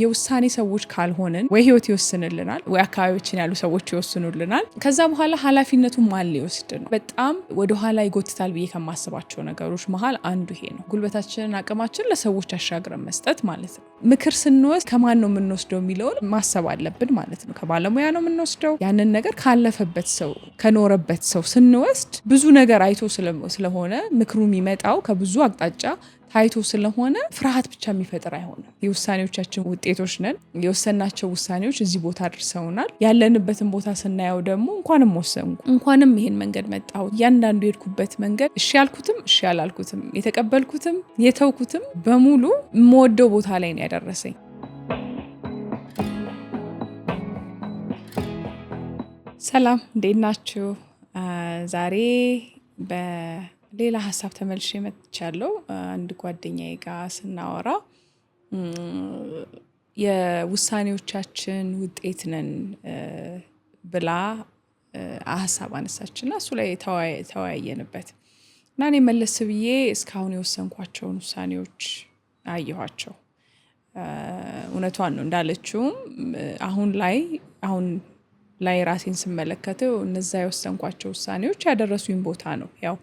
የውሳኔ ሰዎች ካልሆንን ወይ ህይወት ይወስንልናል ወይ አካባቢዎችን ያሉ ሰዎች ይወስኑልናል። ከዛ በኋላ ኃላፊነቱን ማን ሊወስድ ነው? በጣም ወደኋላ ይጎትታል ብዬ ከማስባቸው ነገሮች መሀል አንዱ ይሄ ነው። ጉልበታችንን፣ አቅማችን ለሰዎች አሻግረን መስጠት ማለት ነው። ምክር ስንወስድ ከማን ነው የምንወስደው የሚለውን ማሰብ አለብን ማለት ነው። ከባለሙያ ነው የምንወስደው። ያንን ነገር ካለፈበት ሰው ከኖረበት ሰው ስንወስድ ብዙ ነገር አይቶ ስለሆነ ምክሩ የሚመጣው ከብዙ አቅጣጫ ታይቶ ስለሆነ ፍርሃት ብቻ የሚፈጥር አይሆንም። የውሳኔዎቻችን ውጤቶች ነን። የወሰናቸው ውሳኔዎች እዚህ ቦታ አድርሰውናል። ያለንበትን ቦታ ስናየው ደግሞ እንኳንም ወሰንኩ፣ እንኳንም ይሄን መንገድ መጣሁ። እያንዳንዱ የሄድኩበት መንገድ እሺ ያልኩትም እሺ ያላልኩትም፣ የተቀበልኩትም የተውኩትም በሙሉ የምወደው ቦታ ላይ ነው ያደረሰኝ። ሰላም እንዴት ናችሁ? ዛሬ በ ሌላ ሀሳብ ተመልሼ መጥቻለሁ። አንድ ጓደኛዬ ጋር ስናወራ የውሳኔዎቻችን ውጤት ነን ብላ ሀሳብ አነሳች እና እሱ ላይ ተወያየንበት እና እኔ መለስ ብዬ እስካሁን የወሰንኳቸውን ውሳኔዎች አየኋቸው። እውነቷን ነው እንዳለችውም አሁን ላይ አሁን ላይ ራሴን ስመለከተው እነዛ የወሰንኳቸው ውሳኔዎች ያደረሱኝ ቦታ ነው ያው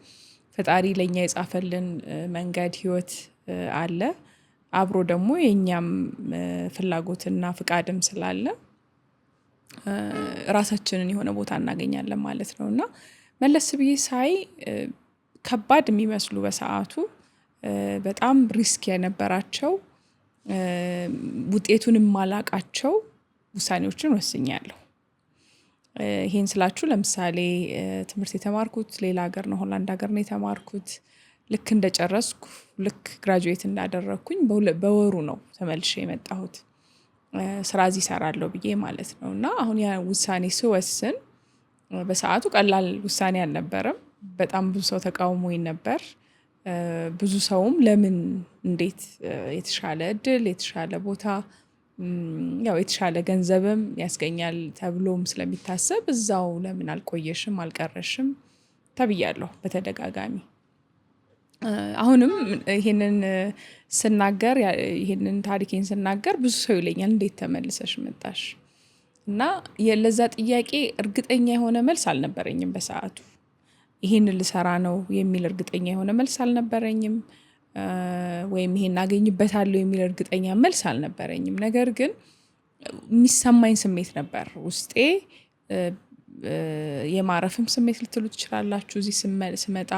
ፈጣሪ ለእኛ የጻፈልን መንገድ ህይወት አለ። አብሮ ደግሞ የእኛም ፍላጎትና ፍቃድም ስላለ ራሳችንን የሆነ ቦታ እናገኛለን ማለት ነው። እና መለስ ብዬ ሳይ ከባድ የሚመስሉ በሰአቱ በጣም ሪስክ የነበራቸው ውጤቱን የማላቃቸው ውሳኔዎችን ወስኛለሁ ይሄን ስላችሁ ለምሳሌ ትምህርት የተማርኩት ሌላ ሀገር ነው፣ ሆላንድ ሀገር ነው የተማርኩት። ልክ እንደጨረስኩ ልክ ግራጁዌት እንዳደረግኩኝ በወሩ ነው ተመልሼ የመጣሁት ስራ እዚህ እሰራለሁ ብዬ ማለት ነው። እና አሁን ያ ውሳኔ ስወስን በሰዓቱ ቀላል ውሳኔ አልነበረም። በጣም ብዙ ሰው ተቃውሞኝ ነበር። ብዙ ሰውም ለምን እንዴት የተሻለ እድል የተሻለ ቦታ ያው የተሻለ ገንዘብም ያስገኛል ተብሎም ስለሚታሰብ እዛው ለምን አልቆየሽም አልቀረሽም ተብያለሁ በተደጋጋሚ። አሁንም ይሄንን ስናገር ይሄንን ታሪኬን ስናገር ብዙ ሰው ይለኛል እንዴት ተመልሰሽ መጣሽ? እና የለዛ ጥያቄ እርግጠኛ የሆነ መልስ አልነበረኝም በሰአቱ ይህን ልሰራ ነው የሚል እርግጠኛ የሆነ መልስ አልነበረኝም ወይም ይሄን እናገኝበታለሁ የሚል እርግጠኛ መልስ አልነበረኝም። ነገር ግን የሚሰማኝ ስሜት ነበር ውስጤ የማረፍም ስሜት ልትሉ ትችላላችሁ። እዚህ ስመጣ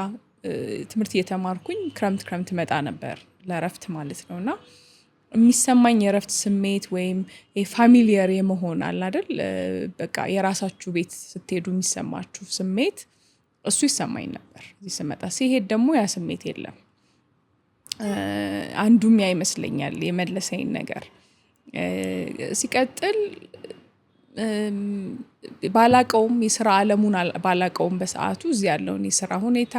ትምህርት እየተማርኩኝ ክረምት ክረምት መጣ ነበር ለረፍት ማለት ነው እና የሚሰማኝ የእረፍት ስሜት ወይም ፋሚሊየር የመሆን አለ አይደል፣ በቃ የራሳችሁ ቤት ስትሄዱ የሚሰማችሁ ስሜት እሱ ይሰማኝ ነበር። እዚህ ስመጣ ሲሄድ ደግሞ ያ ስሜት የለም። አንዱም ያ ይመስለኛል የመለሰኝ ነገር። ሲቀጥል ባላቀውም የስራ አለሙን ባላቀውም በሰዓቱ እዚህ ያለውን የስራ ሁኔታ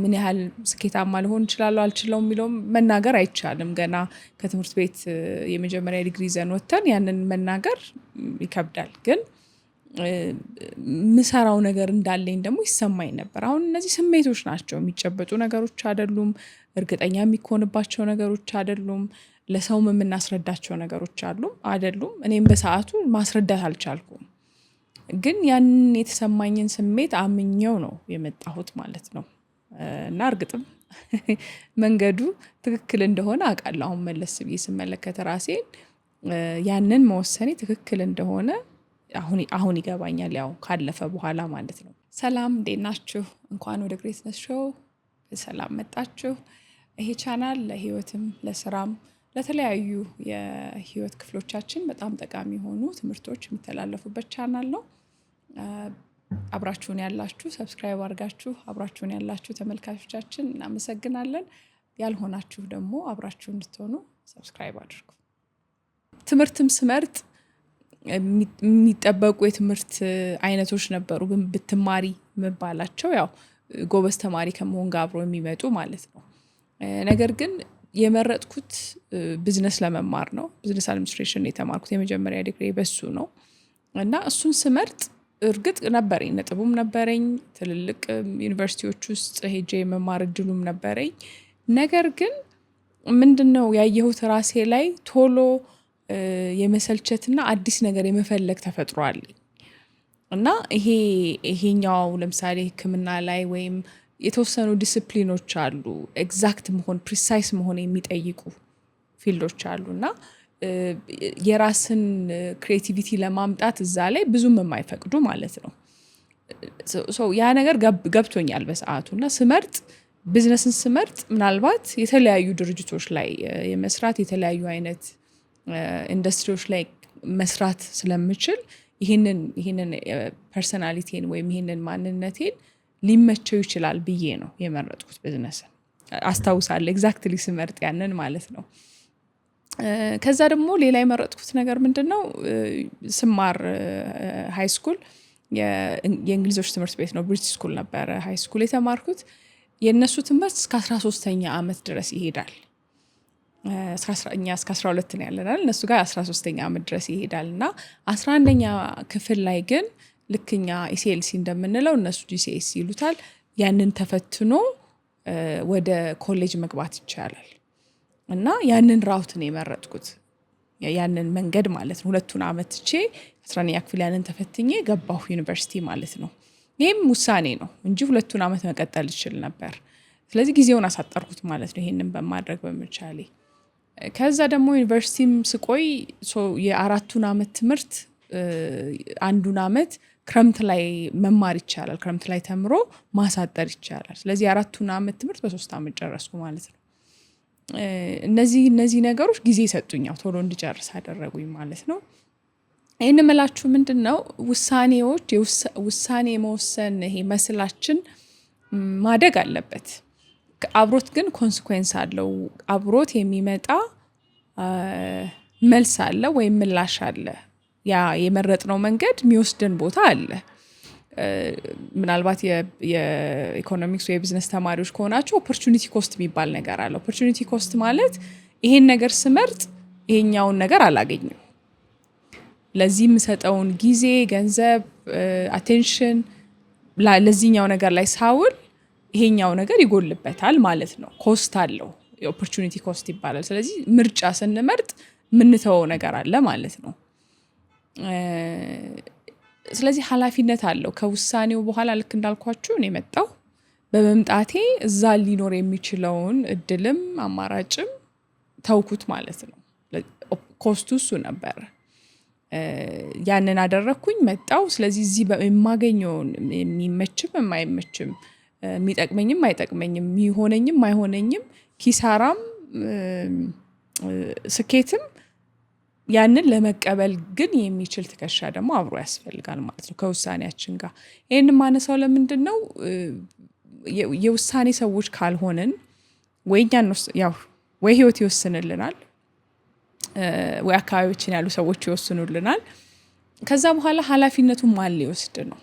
ምን ያህል ስኬታማ ሊሆን እችላለሁ አልችለው የሚለውም መናገር አይቻልም። ገና ከትምህርት ቤት የመጀመሪያ ዲግሪ ይዘን ወጥተን ያንን መናገር ይከብዳል ግን ምሰራው ነገር እንዳለኝ ደግሞ ይሰማኝ ነበር። አሁን እነዚህ ስሜቶች ናቸው፣ የሚጨበጡ ነገሮች አይደሉም። እርግጠኛ የሚኮንባቸው ነገሮች አይደሉም። ለሰውም የምናስረዳቸው ነገሮች አሉ አይደሉም። እኔም በሰዓቱ ማስረዳት አልቻልኩም፣ ግን ያንን የተሰማኝን ስሜት አምኘው ነው የመጣሁት ማለት ነው። እና እርግጥም መንገዱ ትክክል እንደሆነ አውቃለሁ። አሁን መለስ ብዬ ስመለከት ራሴን ያንን መወሰኔ ትክክል እንደሆነ አሁን ይገባኛል፣ ያው ካለፈ በኋላ ማለት ነው። ሰላም እንዴት ናችሁ? እንኳን ወደ ግሬትነስ ሾው በሰላም መጣችሁ። ይሄ ቻናል ለህይወትም ለስራም ለተለያዩ የህይወት ክፍሎቻችን በጣም ጠቃሚ የሆኑ ትምህርቶች የሚተላለፉበት ቻናል ነው። አብራችሁን ያላችሁ ሰብስክራይብ አድርጋችሁ አብራችሁን ያላችሁ ተመልካቾቻችን እናመሰግናለን። ያልሆናችሁ ደግሞ አብራችሁ እንድትሆኑ ሰብስክራይብ አድርጉ። ትምህርትም ስመርጥ የሚጠበቁ የትምህርት አይነቶች ነበሩ ግን ብትማሪ የምባላቸው ያው ጎበዝ ተማሪ ከመሆን ጋር አብሮ የሚመጡ ማለት ነው። ነገር ግን የመረጥኩት ቢዝነስ ለመማር ነው። ብዝነስ አድሚኒስትሬሽን የተማርኩት የመጀመሪያ ዲግሪ በሱ ነው። እና እሱን ስመርጥ እርግጥ ነበረኝ ነጥቡም ነበረኝ ትልልቅ ዩኒቨርሲቲዎች ውስጥ ሄጄ የመማር እድሉም ነበረኝ። ነገር ግን ምንድነው ያየሁት ራሴ ላይ ቶሎ የመሰልቸትና አዲስ ነገር የመፈለግ ተፈጥሮ አለኝ እና ይሄ ይሄኛው ለምሳሌ ሕክምና ላይ ወይም የተወሰኑ ዲስፕሊኖች አሉ ኤግዛክት መሆን ፕሪሳይስ መሆን የሚጠይቁ ፊልዶች አሉ እና የራስን ክሬቲቪቲ ለማምጣት እዛ ላይ ብዙም የማይፈቅዱ ማለት ነው። ያ ነገር ገብቶኛል በሰዓቱ እና ስመርጥ ቢዝነስን ስመርጥ ምናልባት የተለያዩ ድርጅቶች ላይ የመስራት የተለያዩ አይነት ኢንዱስትሪዎች ላይ መስራት ስለምችል ይህንን ይህንን ፐርሰናሊቲን ወይም ይህንን ማንነቴን ሊመቸው ይችላል ብዬ ነው የመረጥኩት ብዝነስን። አስታውሳለ ኤግዛክትሊ ስመርጥ ያንን ማለት ነው። ከዛ ደግሞ ሌላ የመረጥኩት ነገር ምንድን ነው፣ ስማር ሃይ ስኩል የእንግሊዞች ትምህርት ቤት ነው፣ ብሪቲሽ ስኩል ነበረ ሃይ ስኩል የተማርኩት። የእነሱ ትምህርት እስከ 3 ሶስተኛ ዓመት ድረስ ይሄዳል እኛ እስከ 12 ነው ያለናል። እነሱ ጋር 13ኛ ዓመት ድረስ ይሄዳል እና 11ኛ ክፍል ላይ ግን ልክኛ እኛ ኢሲኤልሲ እንደምንለው እነሱ ጂሲኤስ ይሉታል። ያንን ተፈትኖ ወደ ኮሌጅ መግባት ይቻላል እና ያንን ራውት ነው የመረጥኩት። ያንን መንገድ ማለት ነው። ሁለቱን አመት ቼ አስራኛ ክፍል ያንን ተፈትኜ ገባሁ ዩኒቨርሲቲ ማለት ነው። ይህም ውሳኔ ነው እንጂ ሁለቱን ዓመት መቀጠል ይችል ነበር። ስለዚህ ጊዜውን አሳጠርኩት ማለት ነው ይህንን በማድረግ በመቻሌ ከዛ ደግሞ ዩኒቨርሲቲም ስቆይ የአራቱን አመት ትምህርት አንዱን አመት ክረምት ላይ መማር ይቻላል። ክረምት ላይ ተምሮ ማሳጠር ይቻላል። ስለዚህ የአራቱን አመት ትምህርት በሶስት አመት ጨረስኩ ማለት ነው። እነዚህ እነዚህ ነገሮች ጊዜ ሰጡኛው ቶሎ እንድጨርስ አደረጉኝ ማለት ነው። ይህን ምላችሁ ምንድን ነው ውሳኔዎች ውሳኔ መወሰን ይሄ መስላችን ማደግ አለበት። አብሮት ግን ኮንስኮንስ አለው። አብሮት የሚመጣ መልስ አለ ወይም ምላሽ አለ። ያ የመረጥነው መንገድ የሚወስድን ቦታ አለ። ምናልባት የኢኮኖሚክስ ወይ የቢዝነስ ተማሪዎች ከሆናቸው ኦፖርቹኒቲ ኮስት የሚባል ነገር አለ። ኦፖርቹኒቲ ኮስት ማለት ይሄን ነገር ስመርጥ ይሄኛውን ነገር አላገኝም፣ ለዚህ የምሰጠውን ጊዜ፣ ገንዘብ፣ አቴንሽን ለዚህኛው ነገር ላይ ሳውል ይሄኛው ነገር ይጎልበታል ማለት ነው። ኮስት አለው፣ የኦፖርቹኒቲ ኮስት ይባላል። ስለዚህ ምርጫ ስንመርጥ ምንተወው ነገር አለ ማለት ነው። ስለዚህ ኃላፊነት አለው። ከውሳኔው በኋላ ልክ እንዳልኳችሁ እኔ መጣሁ። በመምጣቴ እዛ ሊኖር የሚችለውን እድልም አማራጭም ተውኩት ማለት ነው። ኮስቱ እሱ ነበር። ያንን አደረግኩኝ፣ መጣው ስለዚህ እዚህ የማገኘውን የሚመችም የማይመችም የሚጠቅመኝም አይጠቅመኝም የሚሆነኝም አይሆነኝም ኪሳራም ስኬትም ያንን ለመቀበል ግን የሚችል ትከሻ ደግሞ አብሮ ያስፈልጋል ማለት ነው ከውሳኔያችን ጋር ይሄንን ለምንድን ለምንድነው? የውሳኔ ሰዎች ካልሆንን ወይ ያው ወይ ህይወት ይወስንልናል ወይ አካባቢዎችን ያሉ ሰዎች ይወስኑልናል። ከዛ በኋላ ሀላፊነቱን ማን ሊወስድ ነው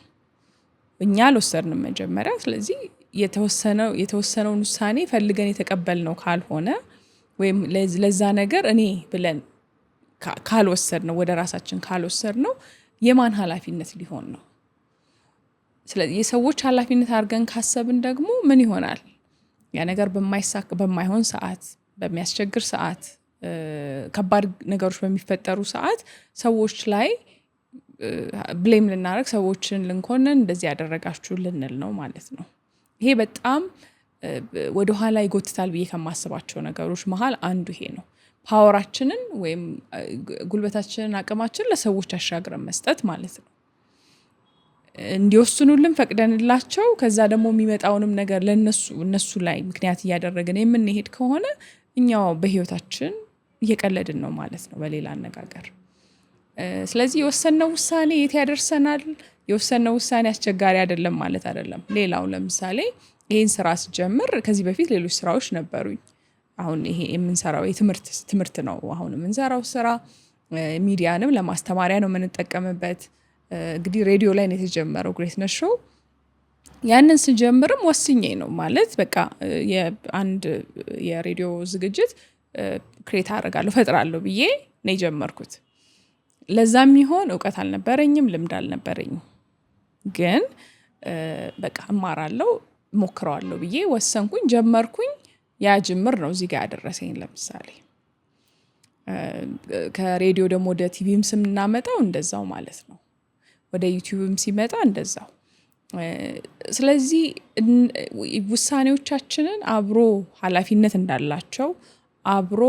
እኛ አልወሰድንም መጀመሪያ። ስለዚህ የተወሰነው የተወሰነውን ውሳኔ ፈልገን የተቀበልነው ካልሆነ ወይም ለዛ ነገር እኔ ብለን ካልወሰድ ነው ወደ ራሳችን ካልወሰድ ነው የማን ኃላፊነት ሊሆን ነው? ስለዚህ የሰዎች ኃላፊነት አድርገን ካሰብን ደግሞ ምን ይሆናል? ያ ነገር በማይሳካ በማይሆን ሰዓት፣ በሚያስቸግር ሰዓት፣ ከባድ ነገሮች በሚፈጠሩ ሰዓት ሰዎች ላይ ብሌም ልናደርግ ሰዎችን ልንኮንን እንደዚህ ያደረጋችሁ ልንል ነው ማለት ነው። ይሄ በጣም ወደኋላ ይጎትታል ብዬ ከማስባቸው ነገሮች መሀል አንዱ ይሄ ነው። ፓወራችንን ወይም ጉልበታችንን፣ አቅማችን ለሰዎች አሻግረን መስጠት ማለት ነው። እንዲወስኑልን ፈቅደንላቸው ከዛ ደግሞ የሚመጣውንም ነገር ለነሱ እነሱ ላይ ምክንያት እያደረግን የምንሄድ ከሆነ እኛው በህይወታችን እየቀለድን ነው ማለት ነው በሌላ አነጋገር ስለዚህ የወሰንነው ውሳኔ የት ያደርሰናል? የወሰንነው ውሳኔ አስቸጋሪ አይደለም ማለት አይደለም። ሌላው ለምሳሌ ይህን ስራ ስጀምር ከዚህ በፊት ሌሎች ስራዎች ነበሩኝ። አሁን ይሄ የምንሰራው ትምህርት ነው። አሁን የምንሰራው ስራ ሚዲያንም ለማስተማሪያ ነው የምንጠቀምበት። እንግዲህ ሬዲዮ ላይ ነው የተጀመረው ግሬትነስ ሾው። ያንን ስጀምርም ወስኜ ነው ማለት በቃ የአንድ የሬዲዮ ዝግጅት ክሬት አደርጋለሁ ፈጥራለሁ ብዬ ነው የጀመርኩት። ለዛ የሚሆን እውቀት አልነበረኝም፣ ልምድ አልነበረኝም። ግን በቃ እማራለሁ፣ ሞክረዋለሁ ብዬ ወሰንኩኝ፣ ጀመርኩኝ። ያ ጅምር ነው እዚህ ጋር ያደረሰኝ። ለምሳሌ ከሬዲዮ ደግሞ ወደ ቲቪም ስምናመጣው እንደዛው ማለት ነው። ወደ ዩቲዩብም ሲመጣ እንደዛው። ስለዚህ ውሳኔዎቻችንን አብሮ ኃላፊነት እንዳላቸው አብሮ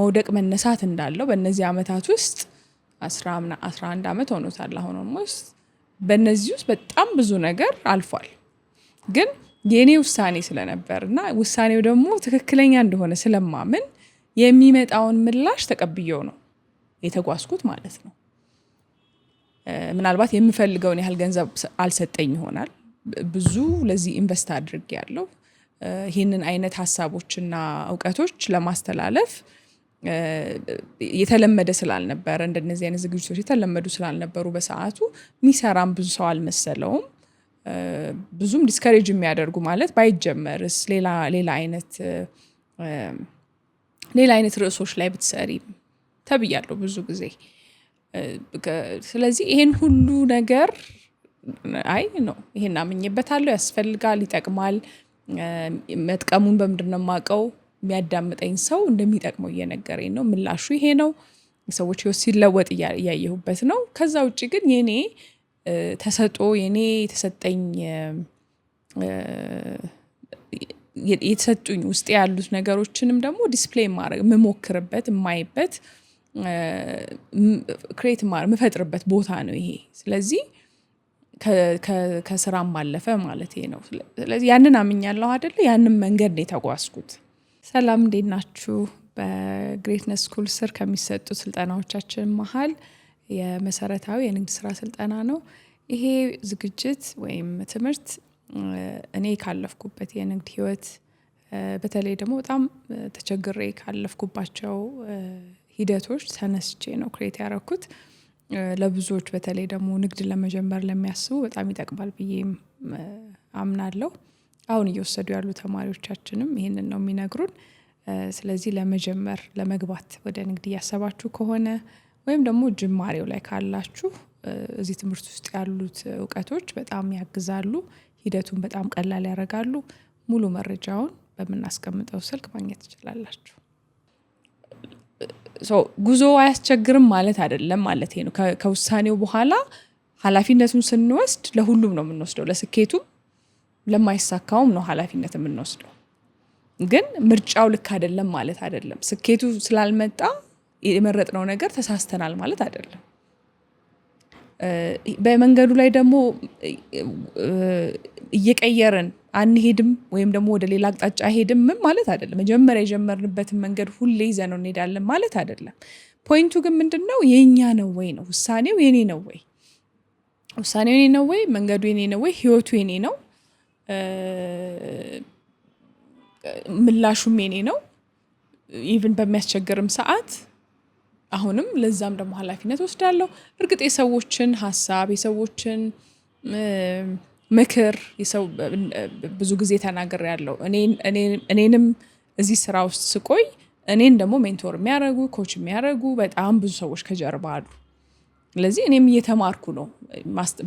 መውደቅ መነሳት እንዳለው በእነዚህ ዓመታት ውስጥ አስራ አንድ ዓመት ሆኖታል አሁን ኦልሞስት። በእነዚህ ውስጥ በጣም ብዙ ነገር አልፏል። ግን የእኔ ውሳኔ ስለነበር እና ውሳኔው ደግሞ ትክክለኛ እንደሆነ ስለማምን የሚመጣውን ምላሽ ተቀብየው ነው የተጓዝኩት ማለት ነው። ምናልባት የምፈልገውን ያህል ገንዘብ አልሰጠኝ ይሆናል። ብዙ ለዚህ ኢንቨስት አድርጌ ያለው ይህንን አይነት ሀሳቦችና እውቀቶች ለማስተላለፍ የተለመደ ስላልነበረ እንደነዚህ አይነት ዝግጅቶች የተለመዱ ስላልነበሩ በሰዓቱ የሚሰራም ብዙ ሰው አልመሰለውም። ብዙም ዲስከሬጅ የሚያደርጉ ማለት ባይጀመርስ ሌላ ሌላ አይነት ሌላ አይነት ርዕሶች ላይ ብትሰሪ ተብያለሁ ብዙ ጊዜ። ስለዚህ ይሄን ሁሉ ነገር አይ ነው ይሄን አምኜበታለሁ፣ ያስፈልጋል፣ ይጠቅማል፣ መጥቀሙን በምንድን ነው የማውቀው የሚያዳምጠኝ ሰው እንደሚጠቅመው እየነገረኝ ነው። ምላሹ ይሄ ነው። ሰዎች ህይወት ሲለወጥ እያየሁበት ነው። ከዛ ውጭ ግን የኔ ተሰጦ የኔ የተሰጠኝ የተሰጡኝ ውስጥ ያሉት ነገሮችንም ደግሞ ዲስፕሌይ ማድረግ የምሞክርበት የማይበት ክሬት የምፈጥርበት ቦታ ነው ይሄ። ስለዚህ ከስራም አለፈ ማለት ነው። ስለዚህ ያንን አምኛለሁ አደለ? ያንን መንገድ ነው የተጓዝኩት። ሰላም እንዴት ናችሁ? በግሬትነስ ስኩል ስር ከሚሰጡ ስልጠናዎቻችን መሀል የመሰረታዊ የንግድ ስራ ስልጠና ነው። ይሄ ዝግጅት ወይም ትምህርት እኔ ካለፍኩበት የንግድ ህይወት በተለይ ደግሞ በጣም ተቸግሬ ካለፍኩባቸው ሂደቶች ተነስቼ ነው ክሬት ያደረኩት። ለብዙዎች በተለይ ደግሞ ንግድ ለመጀመር ለሚያስቡ በጣም ይጠቅማል ብዬም አምናለሁ። አሁን እየወሰዱ ያሉ ተማሪዎቻችንም ይህንን ነው የሚነግሩን። ስለዚህ ለመጀመር ለመግባት ወደ ንግድ እያሰባችሁ ከሆነ ወይም ደግሞ ጅማሬው ላይ ካላችሁ እዚህ ትምህርት ውስጥ ያሉት እውቀቶች በጣም ያግዛሉ፣ ሂደቱን በጣም ቀላል ያደርጋሉ። ሙሉ መረጃውን በምናስቀምጠው ስልክ ማግኘት ትችላላችሁ። ጉዞ አያስቸግርም ማለት አይደለም ማለት ነው። ከውሳኔው በኋላ ኃላፊነቱን ስንወስድ ለሁሉም ነው የምንወስደው ለስኬቱም ለማይሳካውም ነው ኃላፊነት የምንወስደው። ግን ምርጫው ልክ አይደለም ማለት አይደለም። ስኬቱ ስላልመጣ የመረጥነው ነገር ተሳስተናል ማለት አይደለም። በመንገዱ ላይ ደግሞ እየቀየርን አንሄድም ወይም ደግሞ ወደ ሌላ አቅጣጫ ምን ማለት አይደለም። መጀመሪያ የጀመርንበትን መንገድ ሁሌ ይዘነው እንሄዳለን ማለት አይደለም። ፖይንቱ ግን ምንድን ነው? የእኛ ነው ወይ ነው። ውሳኔው የኔ ነው ወይ? ውሳኔው የኔ ነው ወይ? መንገዱ የኔ ነው ወይ? ህይወቱ የኔ ነው ምላሹም የኔ ነው። ኢቭን በሚያስቸግርም ሰዓት አሁንም ለዛም ደግሞ ኃላፊነት ወስዳለሁ። እርግጥ የሰዎችን ሀሳብ የሰዎችን ምክር ብዙ ጊዜ ተናገር ያለው እኔንም እዚህ ስራ ውስጥ ስቆይ እኔን ደግሞ ሜንቶር የሚያደርጉ ኮች የሚያደርጉ በጣም ብዙ ሰዎች ከጀርባ አሉ። ስለዚህ እኔም እየተማርኩ ነው፣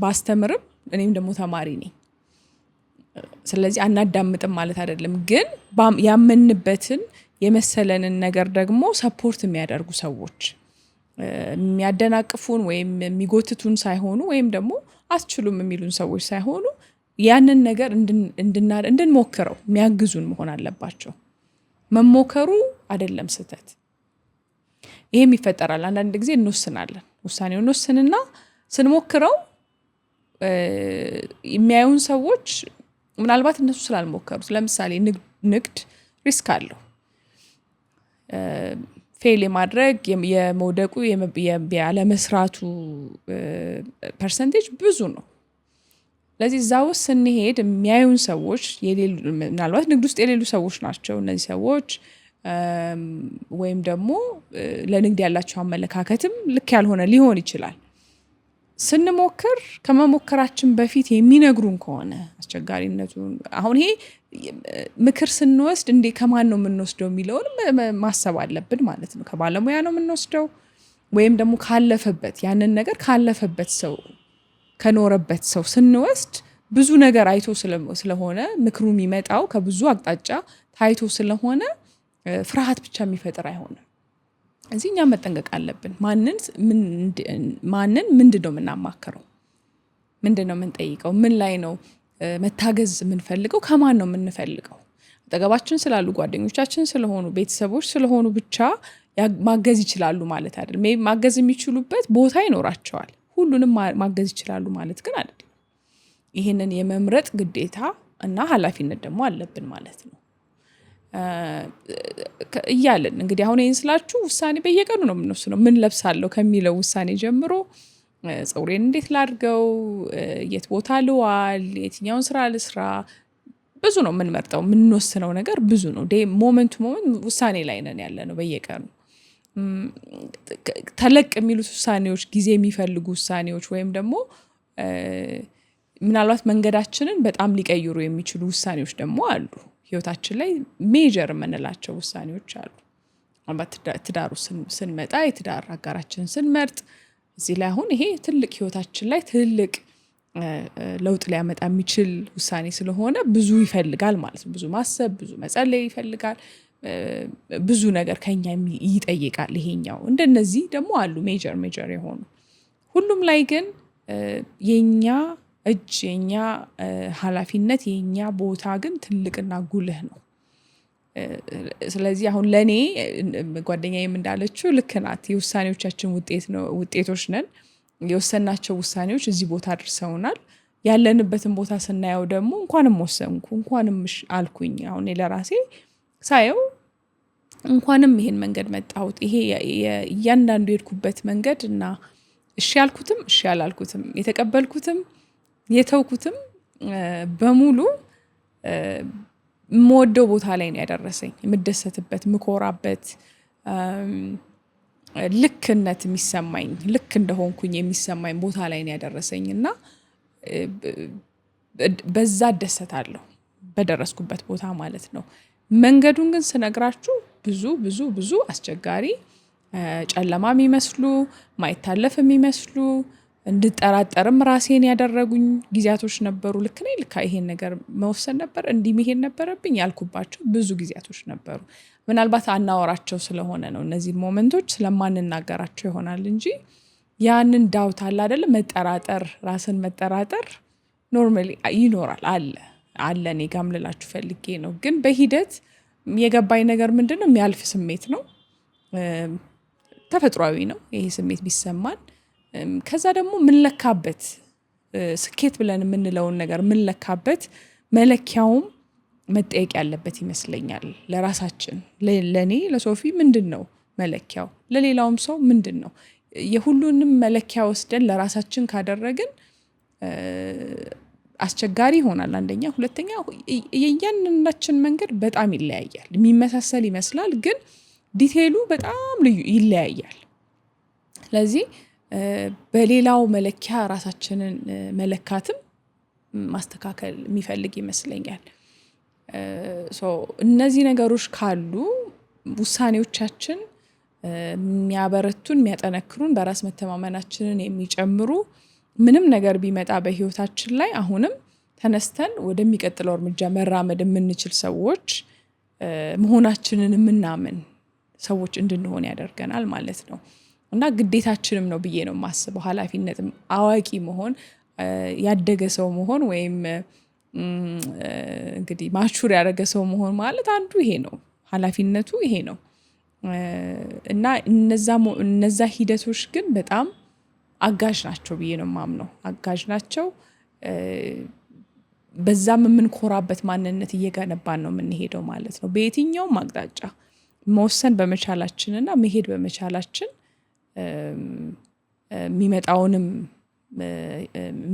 ባስተምርም እኔም ደግሞ ተማሪ ነኝ። ስለዚህ አናዳምጥም ማለት አይደለም፣ ግን ያመንበትን የመሰለንን ነገር ደግሞ ሰፖርት የሚያደርጉ ሰዎች የሚያደናቅፉን ወይም የሚጎትቱን ሳይሆኑ ወይም ደግሞ አትችሉም የሚሉን ሰዎች ሳይሆኑ ያንን ነገር እንድንሞክረው የሚያግዙን መሆን አለባቸው። መሞከሩ አይደለም ስህተት። ይህም ይፈጠራል። አንዳንድ ጊዜ እንወስናለን። ውሳኔው እንወስንና ስንሞክረው የሚያዩን ሰዎች ምናልባት እነሱ ስላልሞከሩት፣ ለምሳሌ ንግድ ሪስክ አለው። ፌል የማድረግ የመውደቁ ያለመስራቱ ፐርሰንቴጅ ብዙ ነው። ለዚህ እዛ ውስጥ ስንሄድ የሚያዩን ሰዎች ምናልባት ንግድ ውስጥ የሌሉ ሰዎች ናቸው እነዚህ ሰዎች ወይም ደግሞ ለንግድ ያላቸው አመለካከትም ልክ ያልሆነ ሊሆን ይችላል። ስንሞክር ከመሞከራችን በፊት የሚነግሩን ከሆነ አስቸጋሪነቱን አሁን ይሄ ምክር ስንወስድ እንዴ ከማን ነው የምንወስደው የሚለውን ማሰብ አለብን ማለት ነው። ከባለሙያ ነው የምንወስደው ወይም ደግሞ ካለፈበት ያንን ነገር ካለፈበት ሰው ከኖረበት ሰው ስንወስድ ብዙ ነገር አይቶ ስለሆነ ምክሩ የሚመጣው ከብዙ አቅጣጫ ታይቶ ስለሆነ ፍርሃት ብቻ የሚፈጥር አይሆንም። እዚህ እኛ መጠንቀቅ አለብን። ማንን ምንድን ነው የምናማክረው? ምንድን ነው የምንጠይቀው? ምን ላይ ነው መታገዝ የምንፈልገው? ከማን ነው የምንፈልገው? አጠገባችን ስላሉ ጓደኞቻችን ስለሆኑ ቤተሰቦች ስለሆኑ ብቻ ማገዝ ይችላሉ ማለት አይደለም። ማገዝ የሚችሉበት ቦታ ይኖራቸዋል። ሁሉንም ማገዝ ይችላሉ ማለት ግን አይደለም። ይህንን የመምረጥ ግዴታ እና ኃላፊነት ደግሞ አለብን ማለት ነው። እያለን እንግዲህ አሁን ይህን ስላችሁ ውሳኔ በየቀኑ ነው ነው ምን ለብሳለሁ ከሚለው ውሳኔ ጀምሮ ፀጉሬን እንዴት ላድርገው፣ የት ቦታ ልዋል፣ የትኛውን ስራ ልስራ፣ ብዙ ነው የምንመርጠው። የምንወስነው ነገር ብዙ ነው። ሞመንቱ ሞመንት ውሳኔ ላይ ነን ያለ ነው በየቀኑ ተለቅ የሚሉት ውሳኔዎች፣ ጊዜ የሚፈልጉ ውሳኔዎች ወይም ደግሞ ምናልባት መንገዳችንን በጣም ሊቀይሩ የሚችሉ ውሳኔዎች ደግሞ አሉ። ህይወታችን ላይ ሜጀር የምንላቸው ውሳኔዎች አሉ። ምናልባት ትዳሩ ስንመጣ የትዳር አጋራችን ስንመርጥ እዚህ ላይ አሁን ይሄ ትልቅ ህይወታችን ላይ ትልቅ ለውጥ ሊያመጣ የሚችል ውሳኔ ስለሆነ ብዙ ይፈልጋል ማለት ነው። ብዙ ማሰብ፣ ብዙ መጸለይ ይፈልጋል። ብዙ ነገር ከኛ ይጠይቃል። ይሄኛው እንደነዚህ ደግሞ አሉ ሜጀር ሜጀር የሆኑ ሁሉም ላይ ግን የኛ እጅ የኛ ኃላፊነት የኛ ቦታ ግን ትልቅና ጉልህ ነው። ስለዚህ አሁን ለእኔ ጓደኛዬም እንዳለችው ልክ ናት። የውሳኔዎቻችን ውጤቶች ነን። የወሰናቸው ውሳኔዎች እዚህ ቦታ አድርሰውናል። ያለንበትን ቦታ ስናየው ደግሞ እንኳንም ወሰንኩ እንኳንም አልኩኝ። አሁን ለራሴ ሳየው እንኳንም ይሄን መንገድ መጣሁት። ይሄ እያንዳንዱ የሄድኩበት መንገድ እና እሺ ያልኩትም እሺ ያላልኩትም የተቀበልኩትም የተውኩትም በሙሉ የምወደው ቦታ ላይ ነው ያደረሰኝ። የምደሰትበት፣ ምኮራበት፣ ልክነት የሚሰማኝ ልክ እንደሆንኩኝ የሚሰማኝ ቦታ ላይ ነው ያደረሰኝ እና በዛ እደሰታለሁ በደረስኩበት ቦታ ማለት ነው። መንገዱን ግን ስነግራችሁ ብዙ ብዙ ብዙ አስቸጋሪ ጨለማ የሚመስሉ ማይታለፍ የሚመስሉ እንድጠራጠርም ራሴን ያደረጉኝ ጊዜያቶች ነበሩ። ልክ ነኝ ልካ ይሄን ነገር መወሰን ነበር እንዲህ መሄድ ነበረብኝ ያልኩባቸው ብዙ ጊዜያቶች ነበሩ። ምናልባት አናወራቸው ስለሆነ ነው እነዚህ ሞመንቶች ስለማንናገራቸው ይሆናል እንጂ ያንን ዳውት አለ አይደለ መጠራጠር ራስን መጠራጠር ኖርማሊ ይኖራል አለ አለ እኔ ጋር ልላችሁ ፈልጌ ነው። ግን በሂደት የገባኝ ነገር ምንድን ነው የሚያልፍ ስሜት ነው። ተፈጥሯዊ ነው ይሄ ስሜት ቢሰማን ከዛ ደግሞ የምንለካበት ስኬት ብለን የምንለውን ነገር ምንለካበት መለኪያውም መጠየቅ ያለበት ይመስለኛል። ለራሳችን ለእኔ ለሶፊ ምንድን ነው መለኪያው? ለሌላውም ሰው ምንድን ነው? የሁሉንም መለኪያ ወስደን ለራሳችን ካደረግን አስቸጋሪ ይሆናል። አንደኛ፣ ሁለተኛ የእያንዳንዳችን መንገድ በጣም ይለያያል። የሚመሳሰል ይመስላል፣ ግን ዲቴይሉ በጣም ልዩ ይለያያል። ስለዚህ በሌላው መለኪያ ራሳችንን መለካትም ማስተካከል የሚፈልግ ይመስለኛል። እነዚህ ነገሮች ካሉ ውሳኔዎቻችን የሚያበረቱን፣ የሚያጠነክሩን፣ በራስ መተማመናችንን የሚጨምሩ ምንም ነገር ቢመጣ በህይወታችን ላይ አሁንም ተነስተን ወደሚቀጥለው እርምጃ መራመድ የምንችል ሰዎች መሆናችንን የምናምን ሰዎች እንድንሆን ያደርገናል ማለት ነው። እና ግዴታችንም ነው ብዬ ነው የማስበው። ኃላፊነትም አዋቂ መሆን ያደገ ሰው መሆን ወይም እንግዲህ ማቹር ያደረገ ሰው መሆን ማለት አንዱ ይሄ ነው። ኃላፊነቱ ይሄ ነው እና እነዛ ሂደቶች ግን በጣም አጋዥ ናቸው ብዬ ነው የማምነው። አጋዥ ናቸው። በዛም የምንኮራበት ማንነት እየገነባን ነው የምንሄደው ማለት ነው። በየትኛውም አቅጣጫ መወሰን በመቻላችን እና መሄድ በመቻላችን የሚመጣውንም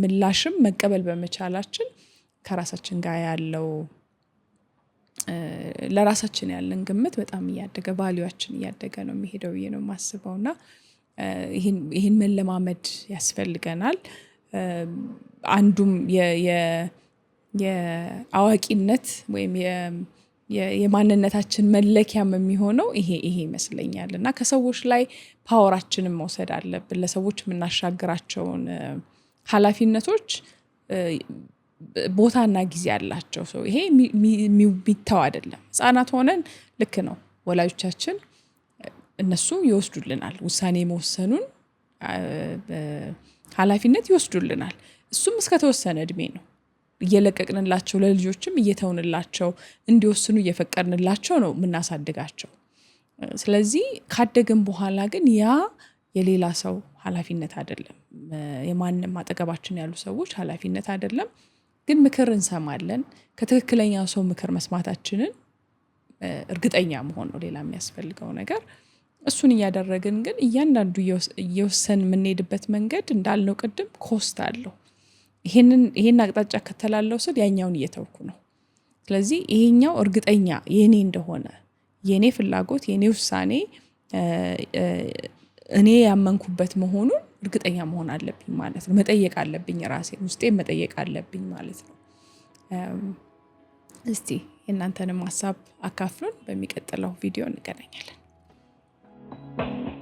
ምላሽም መቀበል በመቻላችን ከራሳችን ጋር ያለው ለራሳችን ያለን ግምት በጣም እያደገ ቫሊዋችን እያደገ ነው የሚሄደው ብዬ ነው የማስበው እና ይህን መለማመድ ያስፈልገናል። አንዱም የአዋቂነት ወይም የማንነታችን መለኪያም የሚሆነው ይሄ ይሄ ይመስለኛል። እና ከሰዎች ላይ ፓወራችንን መውሰድ አለብን። ለሰዎች የምናሻግራቸውን ኃላፊነቶች ቦታና ጊዜ አላቸው። ሰው ይሄ የሚተው አይደለም። ህጻናት ሆነን ልክ ነው ወላጆቻችን እነሱ ይወስዱልናል፣ ውሳኔ መወሰኑን ኃላፊነት ይወስዱልናል። እሱም እስከተወሰነ እድሜ ነው። እየለቀቅንላቸው ለልጆችም እየተውንላቸው እንዲወስኑ እየፈቀድንላቸው ነው የምናሳድጋቸው። ስለዚህ ካደግን በኋላ ግን ያ የሌላ ሰው ኃላፊነት አይደለም። የማንም አጠገባችን ያሉ ሰዎች ኃላፊነት አይደለም። ግን ምክር እንሰማለን። ከትክክለኛ ሰው ምክር መስማታችንን እርግጠኛ መሆን ነው ሌላ የሚያስፈልገው ነገር። እሱን እያደረግን ግን እያንዳንዱ እየወሰን የምንሄድበት መንገድ እንዳልነው ቅድም ኮስት አለው። ይህን አቅጣጫ እከተላለሁ ስል ያኛውን እየተውኩ ነው። ስለዚህ ይሄኛው እርግጠኛ የኔ እንደሆነ የኔ ፍላጎት የኔ ውሳኔ እኔ ያመንኩበት መሆኑን እርግጠኛ መሆን አለብኝ ማለት ነው። መጠየቅ አለብኝ ራሴ ውስጤ መጠየቅ አለብኝ ማለት ነው። እስቲ የእናንተንም ሀሳብ አካፍሉን። በሚቀጥለው ቪዲዮ እንገናኛለን።